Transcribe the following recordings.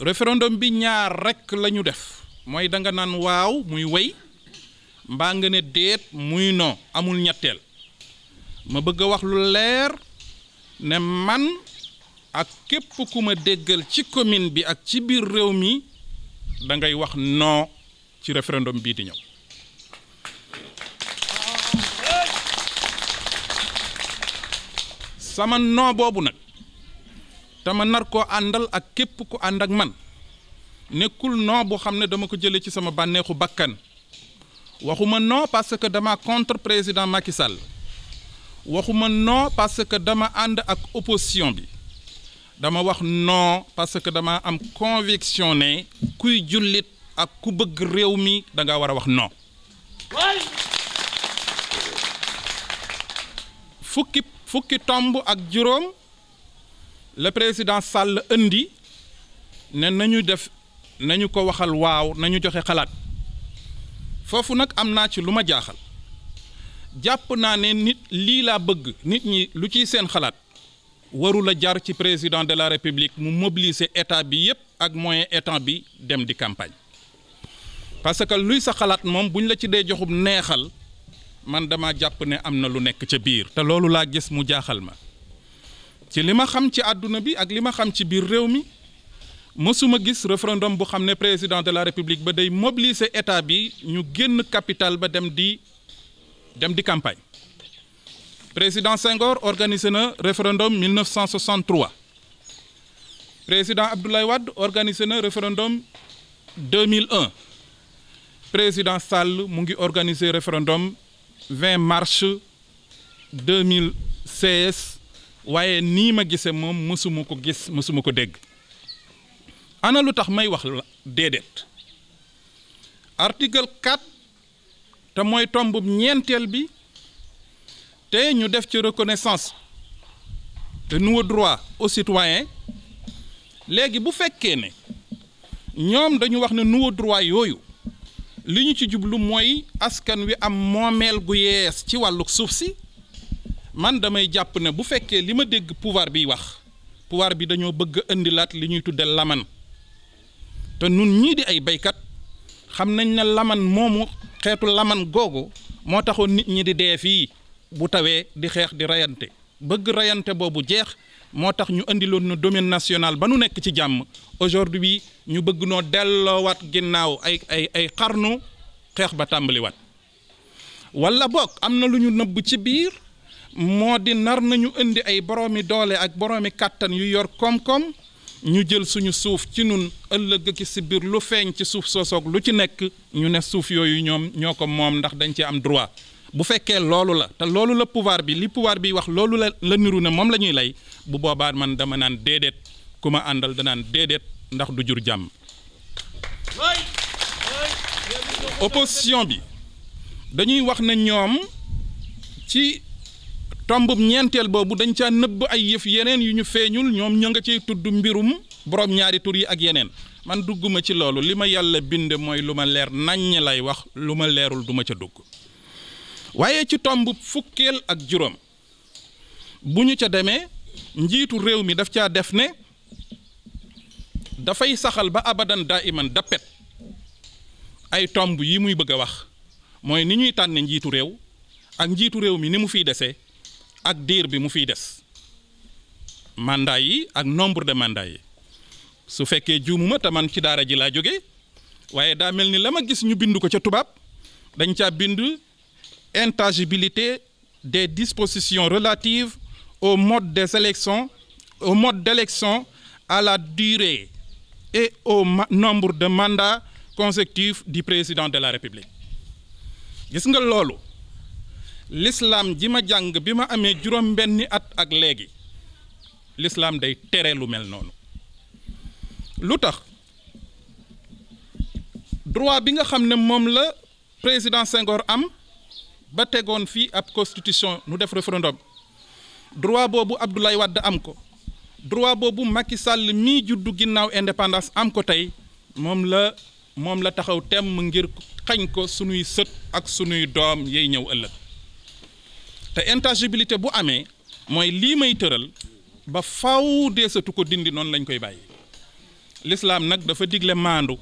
référendum bi ñaar rekk lañu def mooy danga naan waaw muy wey mbaa nga ne déet muy noo amul ñetteel ma bëgg a wax lu leer ne man ak képp ku ma déggal ci commune bi ak ci biir réew mi dangay wax noo ci référendum bii di ñëw sama boobu nag te ma nar koo àndal ak képp ku ànd ak man nekkul non boo xam ne dama ko jëlee ci sama bànneexu bakkan waxuma non parce que dama contre président Macky Sall waxuma noo parce que dama ànd ak opposition bi dama wax noo parce que dama am conviction ne kuy jullit ak ku bëgg réew mi danga nga war a wax non fukki fukki tomb ak juróom le président Sall indi ne nañu def nañu ko waxal waaw nañu joxe xalaat foofu nag am naa ci lu ma jaaxal jàpp naa ne nit lii laa bëgg nit ñi lu ciy seen xalaat warul a jar ci président de la république mu mobiliser état bi yépp ak moyen état bi dem di campagne parce que luy sa xalaat moom buñ la ci dee joxub neexal man dama jàpp ne am na lu nekk ca biir te loolu laa gis mu jaaxal ma ci li ma xam ci àdduna bi ak li ma xam ci biir réew mi mësuma gis référendum bu xam ne président de la république ba day mobiliser état bi ñu génn capital ba dem di dem di campagne président Senghor organisé na référendum 1963 président Abdoulaye wadd organisé na référendum 2001 président Sall mu ngi organisé référendum 20 mars 2016 waaye nii ma gise moom mësuma ko gis mësuma ko dégg ana lu tax may wax la déedéet article 4 te mooy tombu ñeenteel bi te ñu def ci reconnaissance te nouveaux droit au citoyens léegi bu fekkee ne ñoom dañu wax ne nouveaux droit yooyu li ñu ci jublu mooy askan wi am moomeel gu yees ci wàllu suuf si man damay jàpp ne bu fekkee li ma dégg pouvoir bi wax pouvoir bi dañoo bëgg indilaat li ñuy tudde laman te nun ñii di ay baykat xam nañ ne laman moomu xeetu laman googu moo taxoon nit ñi di dee fii bu tawee di xeex di reyante bëgg reyante boobu jeex moo tax ñu indiloon na domaine national ba nu nekk ci jàmm aujourd'hui ñu bëgg noo delloowaat ginnaaw ay ay ay xarnu xeex ba tàmbaliwaat walla boog am na lu ñu nëbb ci biir moo di nar nañu indi ay boroomi doole ak boroomi kàttan yu yor koom-koom ñu jël suñu suuf ci nun ëllëg ki si biir lu feeñ ci suuf soosoog lu ci nekk ñu ne suuf yooyu ñoom ñoo ko moom ndax dañ ci am droit bu fekkee loolu la te loolu la pouvoir bi li pouvoir bi wax loolu la niru ne moom la ñuy lay bu boobaa man dama naan déedéet ku ma àndal danaan déedéet ndax du jur jàmm opposition bi dañuy wax ne ñoom ci tomb ñeenteel boobu dañ caa nëbb ay yëf yeneen yu ñu feeñul ñoom ña nga ciy tudd mbirum borom ñaari tur yi ak yeneen man dugguma ci loolu li ma yàlla bind mooy lu ma leer naññ lay wax lu ma leerul duma ca dugg waaye ci tombub fukkeel ak juróom bu ñu ca demee njiitu réew mi daf caa def ne dafay saxal ba abadan daa iman dappet ay tomb yi muy bëgg a wax mooy ni ñuy tànne njiitu réew ak njiitu réew mi ni mu fiy desee ak diir bi mu fiy des mandat yi ak nombre de mandat yi su fekkee juumuma te man ci daara ji laa jóge waaye daa mel ni la ma gis ñu bind ko ca tubaab dañ caa bind intangibilité des dispositions relatives au mode des élections au mode d'élection à la durée et au nombre de mandats consécutifs du président de la République gis nga loolu lislaam ji ma jàng bi ma amee juróom benni at ak léegi lislaam day tere lu mel noonu lu tax droit bi nga xam ne moom la président Senghor am ba tegoon fii ab constitution nu def référendum droit boobu Abdoulaye wadd am ko droit boobu Macky sàll mii juddu ginnaaw indépendance am ko tey moom la moom la taxaw temm ngir xañ ko sunuy sët ak sunuy doom yey ñëw ëllëg te intangibilité bu amee mooy lii may tëral ba faw deesatu ko dindi noonu lañ koy bàyyi lislaam nag dafa digle maandu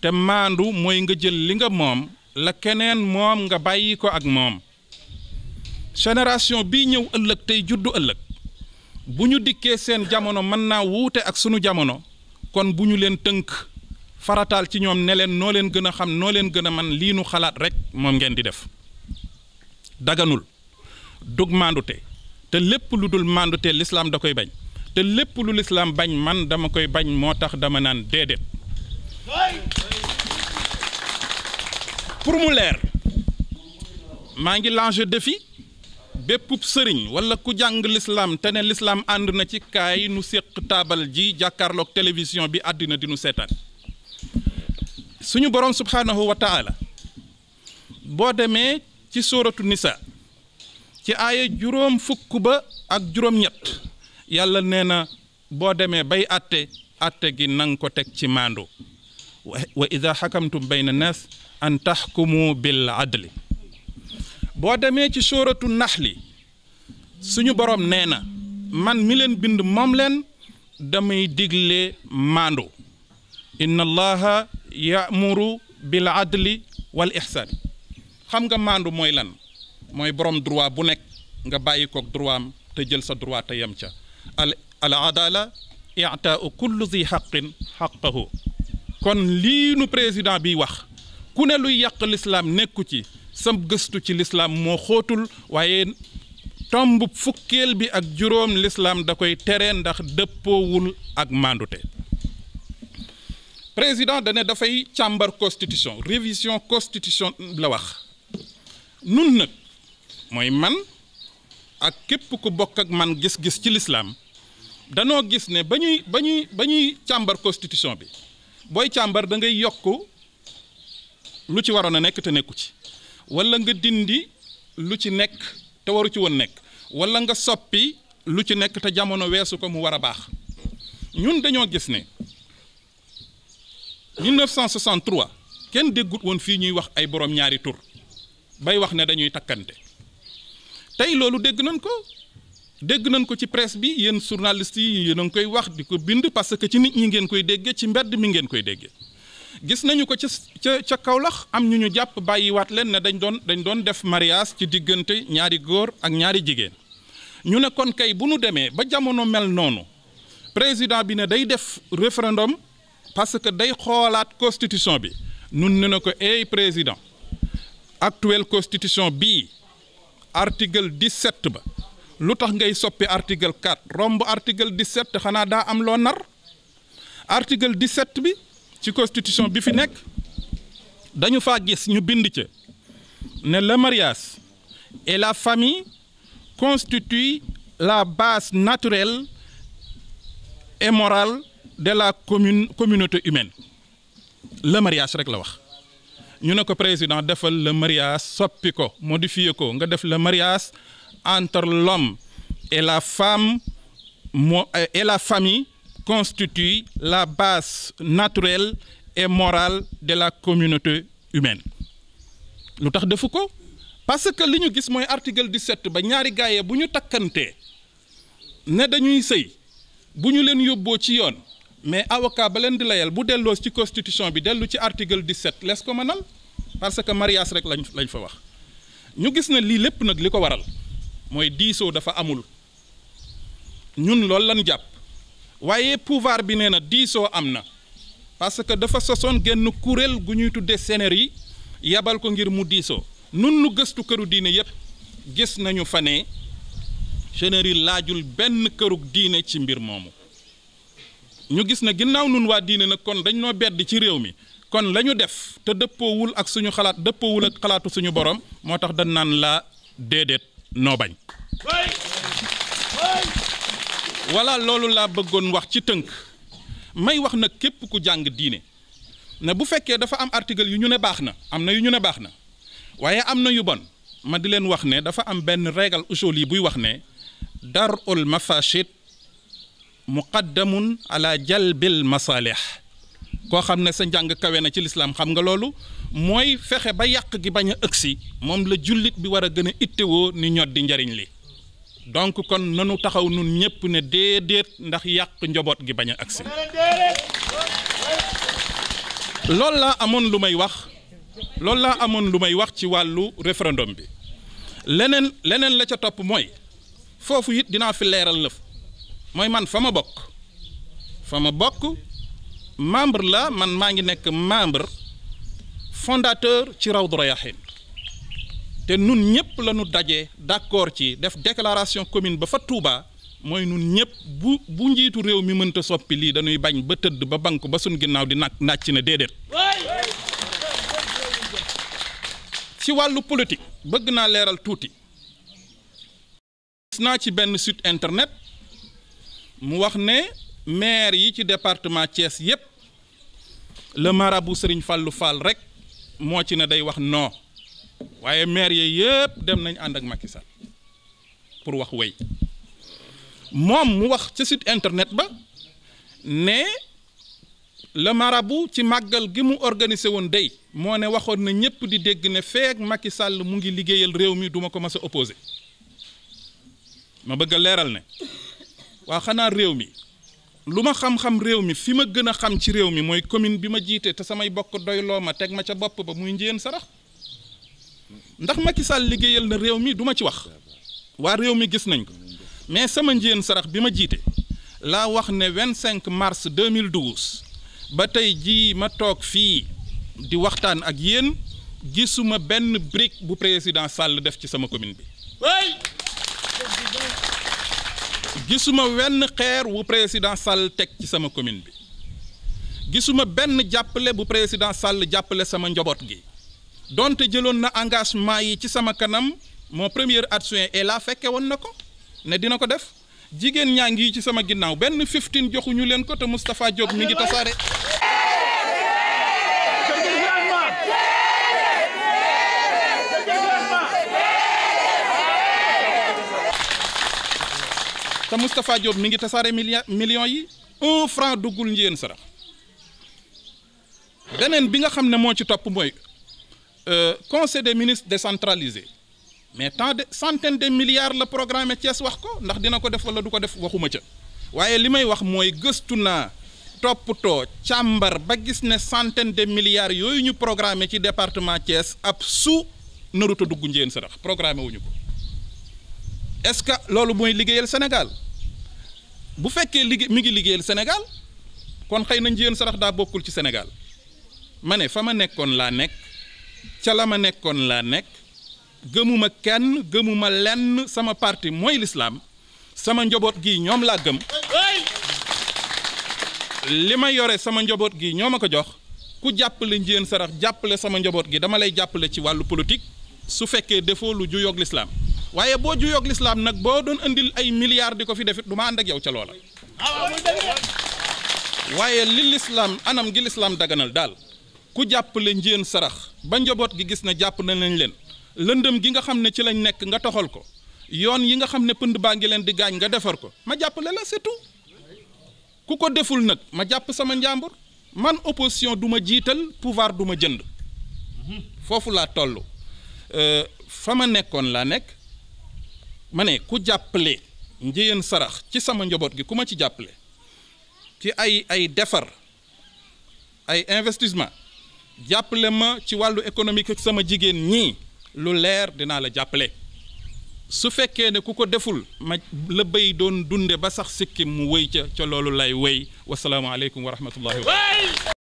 te maandu mooy nga jël li nga moom la keneen moom nga bàyyi ko ak moom génération bii ñëw ëllëg tey juddu ëllëg bu ñu dikkee seen jamono mën naa wuute ak sunu jamono kon bu ñu leen tënk farataal ci ñoom ne leen noo leen gën a xam noo leen gën a man lii nu xalaat rek moom ngeen di def daganul dug maandute te lépp lu dul maandute lislaam da koy bañ te lépp lu lislaam bañ man dama koy bañ moo tax dama naan déedéet pour mu leer maa ngi lancé defi bépp sëriñ wala ku jàng lislaam te ne lislaam ànd na ci kaay nu séq taabal ji jàkkaarlook télévision bi àddina di nu seetaan suñu boroom subhaanahu wa boo demee ci sóoratu nisa ci aaya juróom fukk ba ak juróom-ñett yàlla nee na boo demee bay àtte àtte gi nang ko teg ci maandu wa ida xakamtum bayna nas an taxkumu bil adli boo demee ci sóoratu li suñu boroom nee na man mi leen bind moom leen damay digle maandu inna allaha yamuru bil adli wal ixsaan xam nga maandu mooy lan mooy borom droit bu nekk nga bàyyi koog droit am te jël sa droit te yem ca al al adala i'taau kullu zi xaqin xaqahu kon lii nu président bi wax ku ne luy yàq lislaam nekku ci sam gëstu ci lislaam moo xootul waaye tomb fukkeel bi ak juróom lislaam da koy tere ndax dëppoowul ak mandute président dane dafay càmbar constitution révision constitution la wax nun nag mooy man ak képp ko bokk ak man gis-gis ci lislaam danoo gis ne ba ñuy ba ñuy càmbar constitution bi booy càmbar da ngay yokk lu ci waroon a nekk te nekku ci wala nga dindi lu ci nekk te waru ci woon nekk wala nga soppi lu ci nekk te jamono weesu ko mu war a baax ñun dañoo gis ne 1963 kenn déggut woon fii ñuy wax ay borom ñaari tur bay wax ne dañuy takkante tey loolu dégg nañ ko dégg nañ ko ci presse bi yéen journalistes yi yéen koy wax di ko bind parce que ci nit ñi ngeen koy dégge ci mbedd mi ngeen koy déggee gis nañu ko ca ca ca Kaolack am ñu ñu jàpp bàyyiwaat leen ne dañ doon dañ doon def marias ci diggante ñaari góor ak ñaari jigéen ñu ne kon kay bu nu demee ba jamono mel noonu président bi ne day def référendum parce que day xoolaat constitution bi nun ne ko ay président actuelle constitution bii article 17 ba lu tax ngay soppi article 4 romb article 17 xanaa daa am loo nar article 17 bi ci constitution bi fi nekk dañu fa gis ñu bind ca ne le mariage et la famille constituent la base naturelle et morale de la commune communauté humaine le mariage rek la wax ñu ne ko président defal le mariage soppi ko modifier ko nga def la mariage entre l'homme et la femme mo euh, et la famille constitue la base naturelle et morale de la communauté humaine lu tax defu ko parce que li ñu gis mooy article 17 ba ñaari gaayee bu ñu takkantee ne dañuy sëy bu ñu leen yóbboo ci yoon mais avocat ba leen di layal bu delloo ci constitution bi dellu ci di set les ko mënal parce que mariage rek lañ lañ fa wax ñu gis na lii lépp nag li ko waral mooy diisoo dafa amul ñun loolu lan jàpp waaye pouvoir bi nee na diisoo am na parce que dafa sosoon genn kuréel gu ñuy tuddee sénéri yi yabal ko ngir mu diisoo nun lu gëstu këru diine yépp gis nañu fa ne sénéri laajul benn këru diine ci mbir moomu ñu gis ne ginnaaw nun waa diine nag kon dañ noo bedd ci réew mi kon lañu def te dëppoowul ak suñu xalaat dëppoowul ak xalaatu suñu borom moo tax dañ naan la déedéet noo bañ voilà loolu laa bëggoon wax ci tënk may wax na képp ku jàng diine ne bu fekkee dafa am article yu ñu ne baax na am na yu ñu ne baax na waaye am na yu bon ma di leen wax ne dafa am benn régal usul yi buy wax ne dar darul mafashit muqaddamun ala jalbil masalih koo xam ne sa njàng kawe na ci lislaam xam nga loolu mooy fexe ba yàq gi bañ a ëgsi moom la jullit bi war a gën a ittewoo ni ñod di njariñ li donc kon nanu taxaw nun ñépp ne déedéet ndax yàq njaboot gi bañ a agsi loolu laa amoon lu may wax loolu laa amoon lu may wax ci wàllu référendum bi leneen leneen la ca topp mooy foofu it dinaa fi leeral lëf mooy man fa ma bokk fa ma bokk membre la man maa ngi nekk membre fondateur ci Rawdu Rayaahiin te nun ñëpp la ñu daje d'accord ci def déclaration commune ba fa Touba mooy nun ñëpp bu njiitu réew mi mënta soppi lii dañuy bañ ba tëdd ba bank ba sun ginnaaw di nag nàcc na déedéet ci wàllu politique bëgg naa leeral tuuti gis naa ci benn site internet mu wax ne maire yi ci département Thiès yépp mara bu Serigne fàllu Fall rek moo ci ne day wax non waaye maire yooyu yëpp dem nañ ànd ak Macky Sall pour wax wey moom mu wax ca site internet ba ne la mara bu ci màggal gi mu organisé woon dey moo ne waxoon na ñëpp di dégg ne feek Macky Sall mu ngi liggéeyal réew mi duma ko mas a ma bëgg a leeral ne waa xanaa réew mi lu ma xam-xam réew mi fi ma gën a xam ci réew mi mooy commune bi ma jiite te samay bokk doyloo ma teg ma ca bopp ba muy njéen sarax ndax ma ki Sall liggéeyal na réew mi duma ci wax waa réew mi gis nañ ko mais sama njéen sarax bi ma jiite laa wax ne 25 mars 2012 ba tey ji ma toog fii di waxtaan ak yéen gisuma benn brique bu président Sall def ci sama commune bi. gisuma wenn xeer wu président Sall teg ci sama commune bi gisuma benn jàppale bu président Sall jàppale sama njaboot gi donte jëloon na engagement yi ci sama kanam mon premier adjoint et la fekke woon na ko ne dina ko def jigéen ñaa ngi ci sama ginnaaw benn 15 joxuñu leen ko te Moustapha Diop mi ngi tasaare. te Moustapha Diop mi ngi tasaare million millions yi un franc duggul njiyeen sarax beneen bi nga xam ne moo ci topp mooy euh, conseil des de décentralisé mais tant de centaine de milliards la programme Thiès wax ko ndax dina ko def wala du ko def waxuma ca waaye li may wax mooy gëstu naa toppatoo càmbar ba gis ne centaine de milliards yooyu ñu programme ci département Thiès ab su naruta dugg njiyeen sarax programme wuñu ko est-ce que loolu mooy liggéeyal Sénégal bu fekkee liggéey mi ngi liggéeyal Sénégal kon xëy na njiyeen sarax daa bokkul ci Sénégal ma ne fa ma nekkoon laa nekk ca la ma nekkoon laa nekk gëmuma kenn gëmuma lenn sama parti mooy lislaam sama njaboot gi ñoom laa gëm li ma yore sama njaboot gi ñoo ma ko jox ku jàppale njiyeen sarax jàppale sama njaboot gi dama lay jàppale ci wàllu politique su fekkee defoo lu juyoog lislaam waaye boo juyoog lislaam nag boo doon indil ay milliards di ko fi defit du ma ànd yow ca loola waaye li lislaam anam gi lislaam daganal daal ku jàppale njéen sarax ba njaboot gi gis na jàpp na nañ leen lëndëm gi nga xam ne ci lañ nekk nga toxal ko yoon yi nga xam ne pënd baa ngi leen di gaañ nga defar ko ma jàppale la c'est tout ku ko deful nag ma jàpp sama njàmbur man opposition du ma jiital pouvoir du ma jënd foofu laa toll euh, fa ma nekkoon laa nekk ma ne ku jàppale njëyeen sarax ci sama njaboot gi ku ma ci jàppale ci ay ay defar ay investissement jàppale ma ci wàllu économique ak sama jigéen ñii lu leer dinaa la jàppale su fekkee ne ku ko deful ma la béy doon dunde ba sax sikkim mu wéy ca ca loolu lay wéy wasalaamaaleykum wa rahmatullahi wa